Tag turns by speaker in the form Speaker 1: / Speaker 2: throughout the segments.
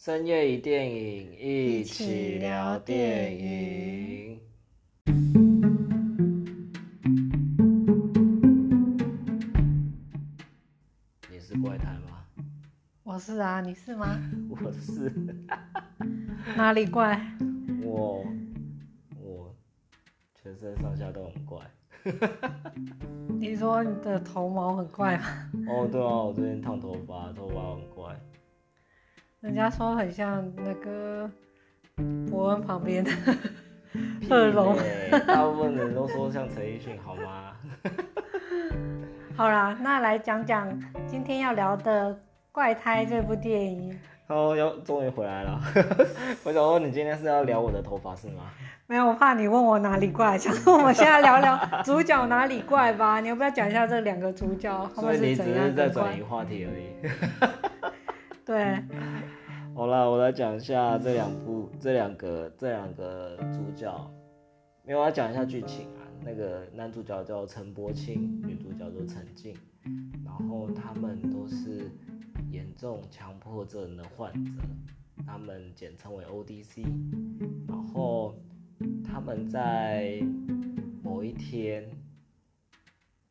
Speaker 1: 深夜與電影一起聊電影。你是怪胎嗎？
Speaker 2: 我是啊，你是嗎？
Speaker 1: 我是。
Speaker 2: 哪裡怪？
Speaker 1: 我我全身上下都很怪。
Speaker 2: 你說你的頭毛很怪嗎？
Speaker 1: 哦，對啊，我昨天燙頭髮，頭髮。
Speaker 2: 人家說很像那個博恩旁邊的、欸、賀瓏， 大部
Speaker 1: 分人都說像陳奕迅，好嗎？
Speaker 2: 好啦，那來講講今天要聊的怪胎這部電影。
Speaker 1: 哦，要終於回來了。 我想問你，今天是要聊我的頭髮是嗎？
Speaker 2: 沒有，我怕你問我哪裡怪。想說我們現在聊聊 主角哪裡怪吧？你要不要講一下這兩個主角？所以你們是怎樣，只是在轉移
Speaker 1: 話題而已。
Speaker 2: 對。
Speaker 1: 好啦，我來講一下這兩部、這兩個、這兩個主角。沒有，我要講一下劇情啊。那個男主角叫陳柏青，女主角叫陳靜，然後他們都是嚴重強迫症的患者，他們簡稱為 ODC。然後他們在某一天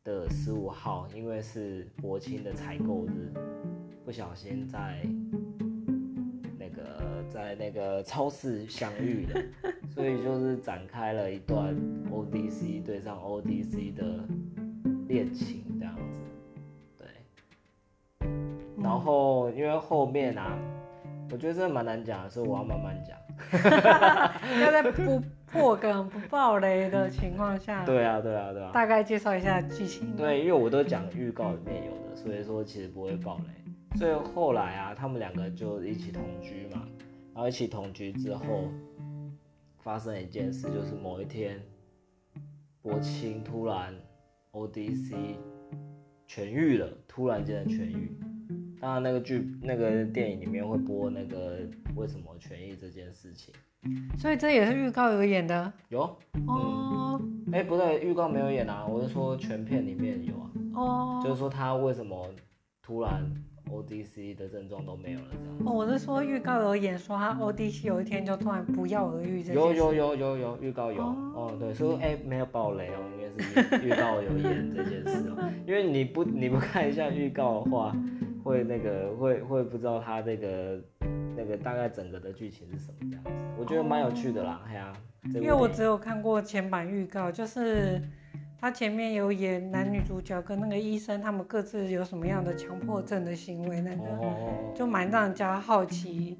Speaker 1: 的十五號，因為是柏青的採購日，不小心在。在那個超市相遇的。 所以就是展開了一段 O D C 對上 O D C 的戀情這樣子，對、嗯。然後因為後面啊，我覺得真的蠻難講的，所以我要慢慢講。
Speaker 2: 要 在不破梗不、不、不爆雷的情況下。 對啊對啊對啊。大概介紹一下劇情。對，
Speaker 1: 因為我都講預告裡面有的，所以說其實不會爆雷。所以後來啊，他們兩個就一起同居嘛。然後一起同居之後，發生一件事，就是某一天，柏青突然 ODC 痊癒了，突然間的痊癒。當然那個劇、那個電影裡面會播那個為什麼痊癒這件事情，
Speaker 2: 所以這也是預告有演的。
Speaker 1: 有，哦、嗯，哎、
Speaker 2: oh.
Speaker 1: 欸、不對，預告沒有演啊，我是說全片裡面有啊，哦、
Speaker 2: oh.，就是
Speaker 1: 說他為什麼突然。O D C 的症狀都沒有了，哦，
Speaker 2: 我是說預告有演說他 O D C 有一天就突然不藥而癒這件事。有有有
Speaker 1: 有有，預告有。哦，哦對，說哎、欸、沒有爆雷哦，應該是預告有演這件事哦。 因為你不你不看一下預告的話，會那個會會不知道他這個那個那個大概整個的劇情是什麼這樣子。我覺得蠻有趣的啦，哎、哦、呀、啊。因為我只有
Speaker 2: 看過前版預告，就是。嗯他前面有演男女主角跟那個醫生，他們各自有什麼樣的強迫症的行為，嗯、那個、哦、就蠻讓人家好奇。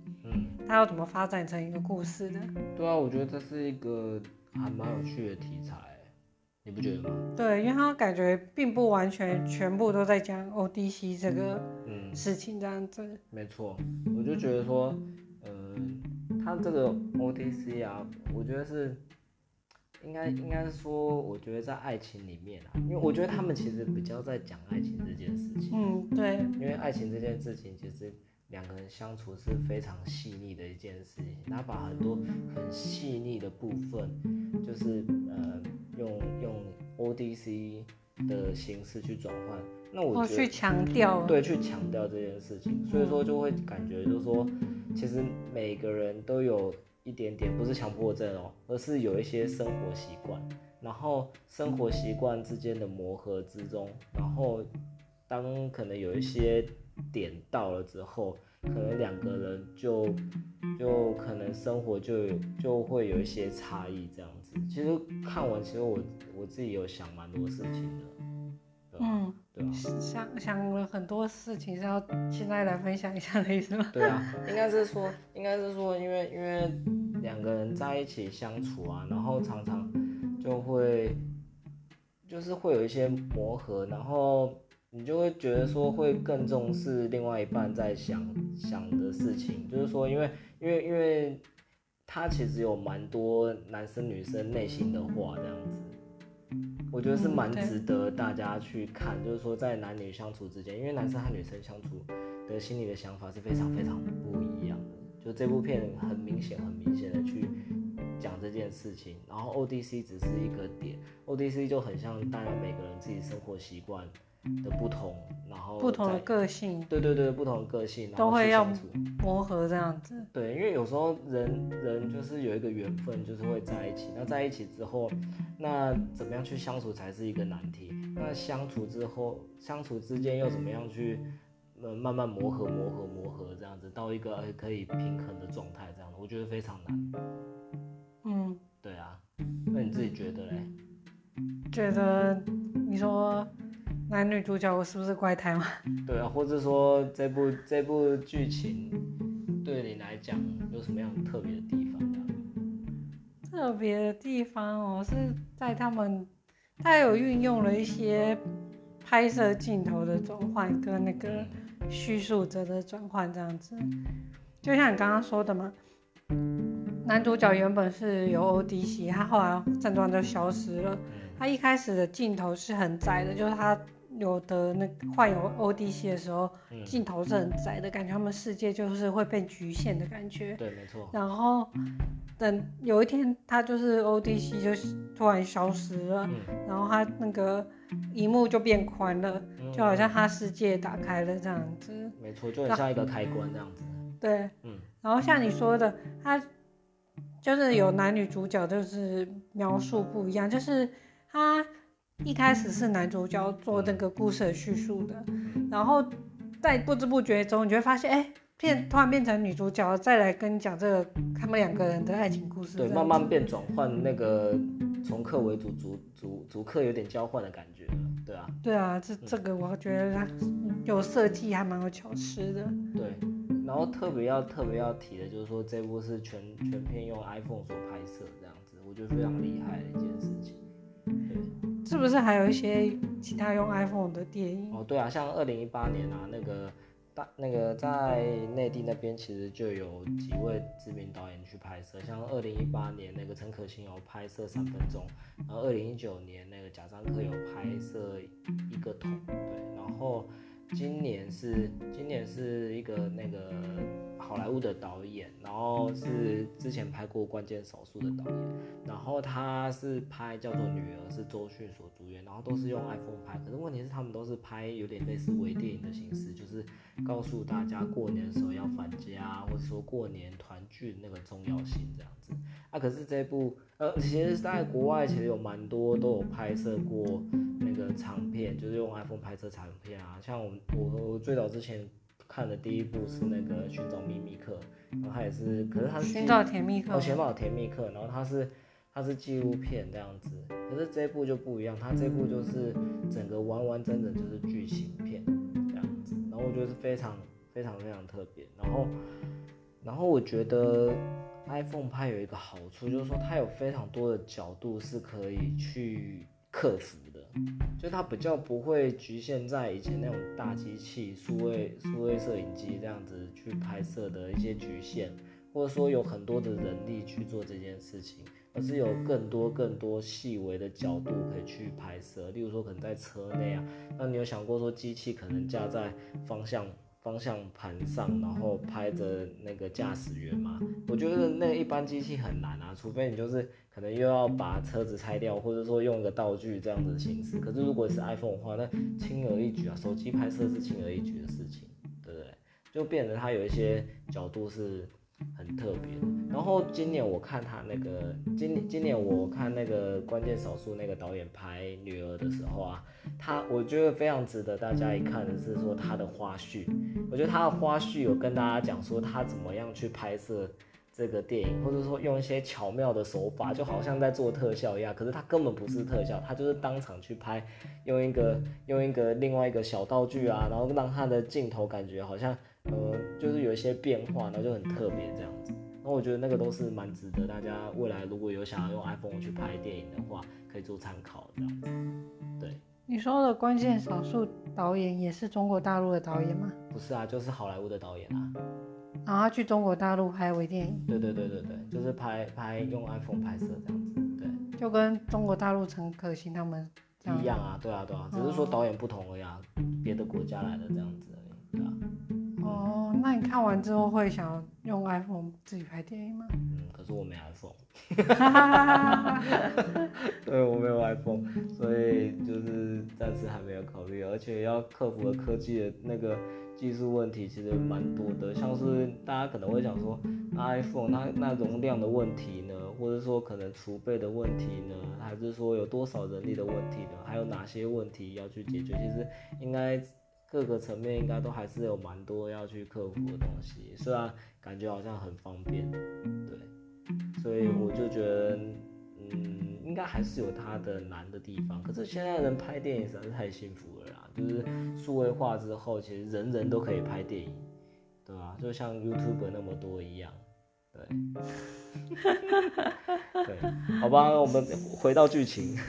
Speaker 2: 他、嗯、要怎麼發展成一個故事呢？
Speaker 1: 對啊，我覺得這是一個還蠻有趣的題材，欸，你不覺得嗎？
Speaker 2: 對，因為他感覺並不完全全部都在講 O D C 這個事情這樣子。嗯嗯，
Speaker 1: 沒錯，我就覺得說，呃，他這個 O D C 啊，我覺得是。應該應該說，我覺得在愛情裡面啊，因為我覺得他們其實比較在講愛情這件事情。嗯，對，因為愛情這件事情，其實兩個人相處是非常細膩的一件事情，他把很多很細膩的部分，就是呃，用用 ODC 的形式去轉換，那我覺得、哦、去強調，對，去強調這件事情，所以說就會感覺就是說，其實每個人都有。一點點不是強迫症哦、喔，而是有一些生活習慣，然後生活習慣之間的磨合之中，然後當可能有一些點到了之後，可能兩個人就就可能生活就就會有一些差異這樣子。其實看完之後，其實我我自己有想蠻多事情的，啊、嗯，
Speaker 2: 對、啊、想想了很多事情，是要現在來分享一下，的意思嗎？對啊， 應該
Speaker 1: 是說，應該是說因為，因為因為。兩個人在一起相處啊，然後常常就會就是會有一些磨合，然後你就會覺得說，會更重視另外一半在想想的事情，就是說因為因為因為他其實有蠻多男生女生內心的話，這樣子，我覺得是蠻值得大家去看，嗯，就是說在男女相處之間，因為男生和女生相處的心裡的想法是非常非常不一樣的。就這部片很明顯、很明顯的去講這件事情，然後 ODC 只是一個點，ODC 就很像大家每個人自己生活習慣的不同，然後不同的
Speaker 2: 個性，
Speaker 1: 對對對，不同的個性都會要
Speaker 2: 磨合這樣子。
Speaker 1: 對，因為有時候人人就是有一個緣分，就是會在一起。那在一起之後，那怎麼樣去相處才是一個難題？那相處之後，相處之間又怎麼樣去？嗯慢慢磨合，磨合，磨合，這樣子到一個可以平衡的狀態，這樣子我覺得非常難。嗯，對啊。那你自己覺得嘞？
Speaker 2: 覺得你說男女主角我是不是怪胎嗎？
Speaker 1: 對啊，或者說這部這部劇情對你來講有什麼樣特別的地方啊？
Speaker 2: 特別的地方哦，我是在他們，他們有運用了一些拍攝鏡頭的轉換跟那個。敘述者的轉換這樣子，就像你剛剛說的嘛，男主角原本是有 ODC，他後來症狀就消失了。嗯、他一開始的鏡頭是很窄的，就是他有的那患有 ODC 的時候、嗯，鏡頭是很窄的，感覺、嗯、他們世界就是會被局限的感覺。對，沒錯。然後。等有一天，他就是 ODC 就突然消失了、嗯，然後他那個熒幕就變寬了、嗯，就好像他世界打開了這樣子。
Speaker 1: 沒、嗯、錯，就很像一個開關這樣
Speaker 2: 子。對，嗯。然後像你說的，嗯、他就是有男女主角，就是描述不一樣、嗯。就是他一開始是男主角做那個故事的敘述的，然後在不知不覺中，你就會發現，哎、欸。變突然變成女主角，再來跟你講這個他們兩個人的愛情故
Speaker 1: 事。對，慢慢變轉換那個從客為主，主主主客有點交換的感覺，對啊。
Speaker 2: 對啊，這這個我覺得他、嗯、有設計還蠻有巧思的。
Speaker 1: 對，然後特別要特別要提的就是說，這部是全全片用 iPhone 所拍攝，這樣子我覺得非常厲害的一件事情。
Speaker 2: 對，是不是還有一些其他用 iPhone 的電
Speaker 1: 影？哦，對啊，像二零一八年啊那個。啊、那個在內地那邊其實就有幾位知名導演去拍攝，像二零一八年那個陳可辛有拍攝《三分鐘》，然後二零一九年那個賈樟柯有拍攝《一個桶》，對，然後今年是今年是一個那個好萊塢的導演，然後是之前拍過《關鍵少數》的導演，然後他是拍叫做《女兒》，是周迅所主演，然後都是用 iPhone 拍，可是問題是他們都是拍有點類似微電影的形式，就是。告訴大家過年的時候要返家啊，或者說過年團聚那個重要性這樣子啊。可是這部呃，其實是在國外，其實有蠻多都有拍攝過那個長片，就是用 iPhone 拍攝長片啊。像我我我最早之前看的第一部是那個《尋找秘密客》，然後它也是，可是它是《尋找甜蜜客》，哦，《尋找甜蜜客》，然後它是它是紀錄片這樣子。可是這部就不一樣，它這部就是整個完完整整就是劇情片。然後我覺得是非常非常非常特別。然後，然後我覺得 iPhone 拍有一個好處，就是說它有非常多的角度是可以去克服的，就它比較不會局限在以前那種大機器、數位數位攝影機這樣子去拍攝的一些局限，或者說有很多的人力去做這件事情。可是有更多更多細微的角度可以去拍攝，例如說可能在車內啊，那你有想過說機器可能架在方向方向盤上，然後拍着那個駕駛員嗎？我覺得那一般機器很難啊，除非你就是可能又要把車子拆掉，或者說用一個道具這樣子的形式。可是如果是 iPhone 的話，那輕而易舉啊，手機拍攝是輕而易舉的事情，對不對？就變得它有一些角度是。很特別的。然後今年我看他那個，今年今年我看那個關鍵少數那個導演拍女兒的時候啊，他我覺得非常值得大家一看的是說他的花絮。我覺得他的花絮有跟大家講說他怎麼樣去拍攝這個電影，或者說用一些巧妙的手法，就好像在做特效一樣。可是他根本不是特效，他就是當場去拍，用一個用一個另外一個小道具啊，然後讓他的鏡頭感覺好像。呃，就是有一些變化，然後就很特別這樣子。那我覺得那個都是蠻值得大家未來如果有想要用 iPhone 去拍電影的話，可以做參考這樣子。對，
Speaker 2: 你說的關鍵少數導演也是中國大陸的導演嗎？
Speaker 1: 不是啊，就是好萊塢的導演啊。
Speaker 2: 啊，去中國大陸拍微電影？
Speaker 1: 對對對對對，就是拍拍用 iPhone 拍攝這樣子。
Speaker 2: 對，就跟中國大陸陳可辛他們一樣啊，對啊對啊、嗯，只是說
Speaker 1: 導演不同而已、啊，別的國家來的這樣子。
Speaker 2: 那你看完之後會想用 iPhone 自己拍電影嗎？嗯，
Speaker 1: 可是我沒 iPhone。哈哈哈！哈
Speaker 2: 哈
Speaker 1: 哈！哈哈哈！對，我沒有 iPhone，所以就是暫時還沒有考慮，而且要克服的科技的那個技術問題其實蠻多的，像是大家可能會想說 iPhone 它那，那容量的問題呢，或者說可能儲備的問題呢，還是說有多少人力的問題呢？還有哪些問題要去解決？其實應該。各個層面應該都還是有蠻多要去克服的東西，雖然感覺好像很方便，對，所以我就覺得，嗯，應該還是有它的難的地方。可是現在人拍電影實在是太幸福了啦，就是數位化之後，其實人人都可以拍電影，對啊，就像 YouTuber 那麼多一樣，對，對，好吧，我們回到劇情。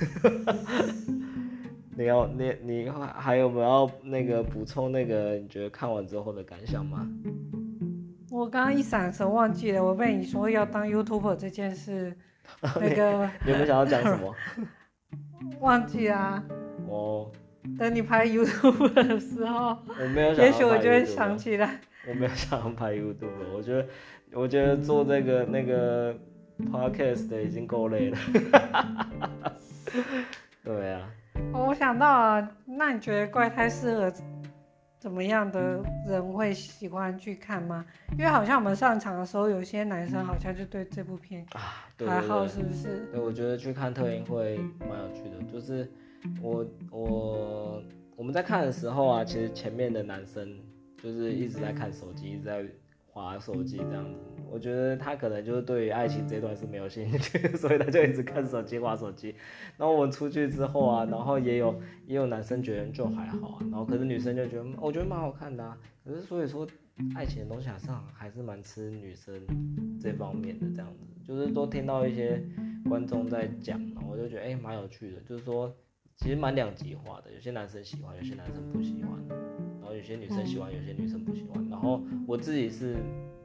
Speaker 1: 你要你你還有沒有要那個補充那個？你覺得看完之後的感想嗎？
Speaker 2: 我剛剛一閃神忘記了，我被你說要當 YouTuber 這件事， 那個你有沒有想要講什麼？ 忘記啊！
Speaker 1: 哦，oh，
Speaker 2: 等你拍 YouTuber 的時候，我沒有，也許我就會想起來。
Speaker 1: 我沒有想拍 YouTuber，我覺得我覺得做這個那個 podcast 的已經夠累了。 對啊。
Speaker 2: 我想到啊，那你覺得怪胎適合怎麼樣的人會喜歡去看嗎？因為好像我們上場的時候，有些男生好像就對這部片啊還好，啊，對對對，是不是？
Speaker 1: 對，我覺得去看特映會蠻有趣的，就是我我我們在看的時候啊其實前面的男生就是一直在看手機，一直在滑手機這樣子。我覺得他可能就是對於愛情這段是沒有興趣， 所以他就一直看手機、玩手機。然後我出去之後啊，然後也有也有男生覺得就還好啊，然後可是女生就覺得，哦、我覺得蠻好看的啊。可是所以說，愛情的東西上是還是蠻吃女生，這方面的這樣子，就是都聽到一些觀眾在講，然後我就覺得哎蠻有趣的，就是說其實蠻兩極化的，有些男生喜歡，有些男生不喜歡，然後有些女生喜歡，有些女生不喜歡，然後我自己是。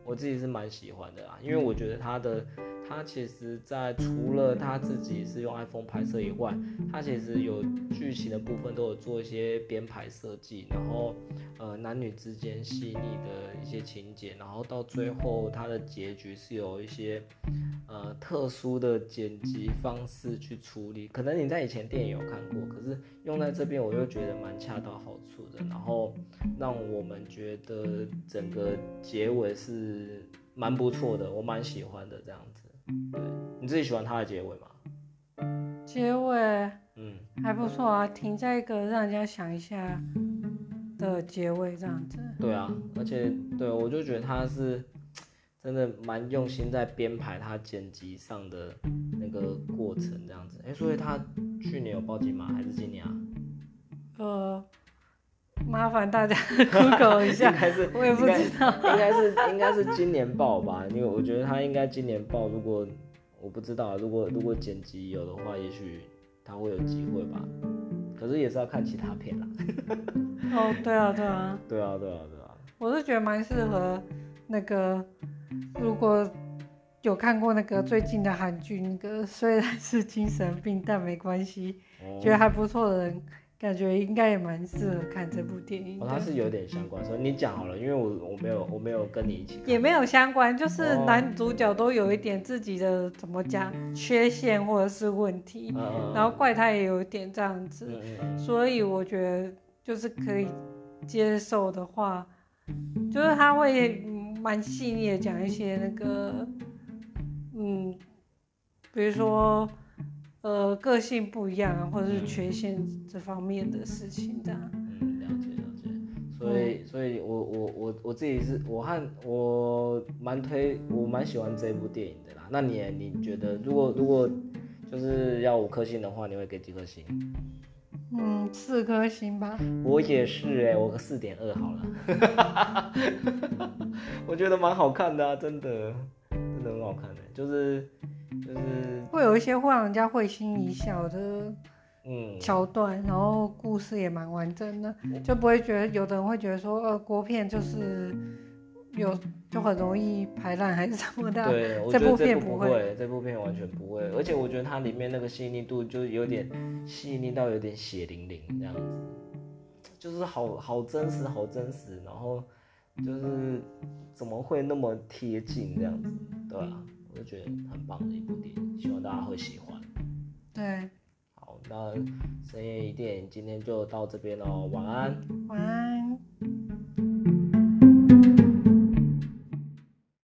Speaker 1: 我自己是蠻喜歡的啦，因為我覺得他的。他其實，在除了他自己是用 iPhone 拍攝以外，他其實有劇情的部分都有做一些編排設計，然後，呃，男女之間細膩的一些情節，然後到最後他的結局是有一些，呃，特殊的剪輯方式去處理，可能你在以前電影有看過，可是用在這邊我就覺得蠻恰到好處的，然後讓我們覺得整個結尾是蠻不錯的，我蠻喜歡的這樣子。對，你自己喜歡他的結尾嗎？
Speaker 2: 結尾，嗯，還不錯啊、嗯，停在一個讓人家想一下的結尾這樣子。
Speaker 1: 對啊，而且對，我就覺得他是真的蠻用心在編排他剪輯上的那個過程這樣子。誒、欸，所以他去年有報警嗎？還是今年
Speaker 2: 啊？呃。麻煩大家 Google 一下， 是我也不知
Speaker 1: 道，應該 是應該是今年報吧， 因為我覺得他應該今年報。如果我不知道、啊，如果如果剪輯有的話，也許他會有機會吧。可是也是要看其他片啦。
Speaker 2: 哦、 oh, 啊，對啊，對啊，
Speaker 1: 對啊，對啊，對啊。
Speaker 2: 我是覺得蠻適合那個，如果有看過那個最近的韓劇，那個雖然是精神病，但沒關係，oh. 覺得還不錯的人。感覺應該也蠻適合看這部電影。他、哦、是有
Speaker 1: 點相關，所以你講好了，因為我我沒有我沒有跟你一起，
Speaker 2: 也沒有相關，就是男主角都有一點自己的、哦、怎麼講缺陷或者是問題，嗯、然後怪胎也有一點這樣子。嗯嗯，所以我覺得就是可以接受的話，嗯、就是他會蠻細膩的講一些那個，嗯，比如說。呃，個性不一樣，或者是缺陷這方面的事情，這樣。嗯，了解，了解。所以，
Speaker 1: 所以我我我我自己是，我和我蠻推，我蠻喜歡這部電影的啦。那你你覺得，如果如果就是要五顆星的話，你會給幾顆星？
Speaker 2: 嗯，四顆星吧。
Speaker 1: 我也是哎，欸，我四點二好了。 我覺得蠻好看的啊，真的。很好看的。欸，就是就是會
Speaker 2: 有一些會讓人家會心一笑的，嗯，橋段，然後故事也蠻完整的，嗯，就不會覺得有的人會覺得說，呃，國片就是有就很容易拍爛還是什麼的，對，這部片這部不會，不會，
Speaker 1: 這部片完全不會，而且我覺得它裡面那個細膩度就是有點細膩到有點血淋淋這樣子，就是好好真實好真實，然後。就是怎麼會那麼貼近這樣子，對啊，我就覺得很棒的一部電影，希望大家會喜歡。
Speaker 2: 對，
Speaker 1: 好，那深夜一點，今天就到這邊嘍，晚安，
Speaker 2: 晚安。